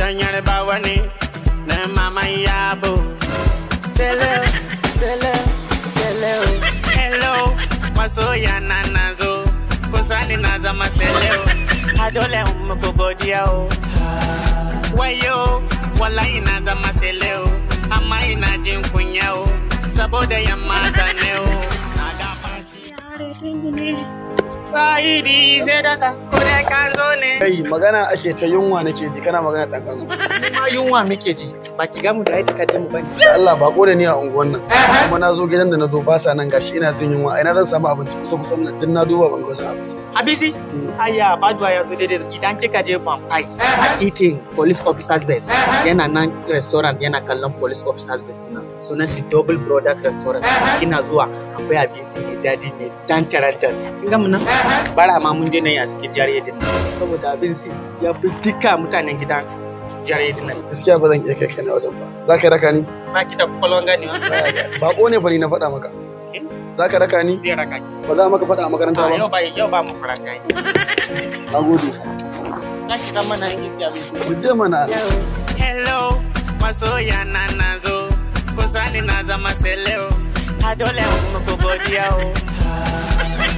tanyare bawani na mama yabo sele sele sele hello masoya nanazo kusani naza maseleo adole umkubodia o wayo wala inaza maseleo ama inajinkunya o saboda ya madaneo nagafati Fa'idi sadaka ko kure kanzo ne. Kai magana ake ta yunwa nake ji kana magana dan kanzo. Ma yunwa muke ji ba ki gamu da aika kadin mu ne. Da ba ko da ni a unguwan nan. Kuma na zo gidan da na zo ba sa nan gashi ina jin yunwa ai na zan samu abinci kusa kusan nan din na duba ban ga abinci. Abisi hmm. aya faduwa ya zo daidai idan kika je Bambai a titin police officers base yana nan restaurant yana kallon police officers base nan sunan si double brothers restaurant kina zuwa akwai abinci mai daɗi ne dan tarantar kin ga nan bara ma mun daina yin a cikin jaridin nan saboda abin su ya fi duka mutanen gidan jaridin nan gaskiya ba zan iya kai kai na wajen ba za ka raka ni ma kita da kwakwalwan gani ba ko ne bari na faɗa maka hm? za ka raka ni zai raka ki ba za maka faɗa a makaranta ba yau ba yau ba mu faranta yi a gode na ki zama na yin siya abin ku je mana hello masoya na na zo kusa ni na zama seleo a adole mu ko godiya o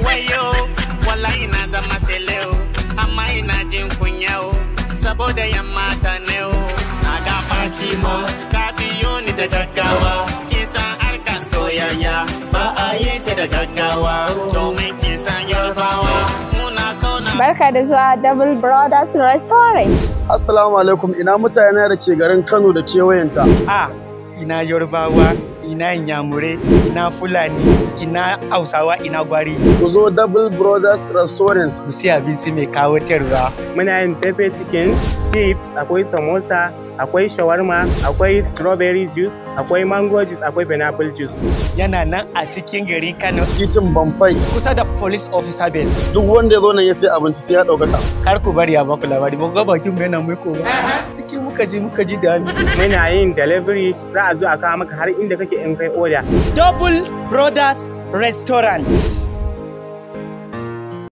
wayo wallahi na zama sele o amma ina jin kunya o saboda yan mata ne o na ga fatima ka biyo ni da gaggawa kisan arka soyayya ba a yi sai da gaggawa domin kisan yarbawa Barka da zuwa Double Brothers Restaurant. Assalamu alaikum ina mutanen da ke garin Kano da kewayenta. A ah, ina Yarbawa ina inyamure ina fulani ina hausawa ina gwari ku zo double brothers restaurant ku siya abinci mai kawo kawatarwa muna yin pepe chicken chips akwai samosa akwai shawarma akwai strawberry juice akwai mango juice akwai pineapple juice yana nan a cikin gari kano titin bamfai kusa da police officer base duk wanda ya zo nan ya sai abinci sai ya ɗaukaka kar ku bari a baku labari ba ga bakin mai na mai ko ba cikin muka ji muka ji da muna yin delivery za a zo a kawo maka har inda kake in kai order double brothers restaurant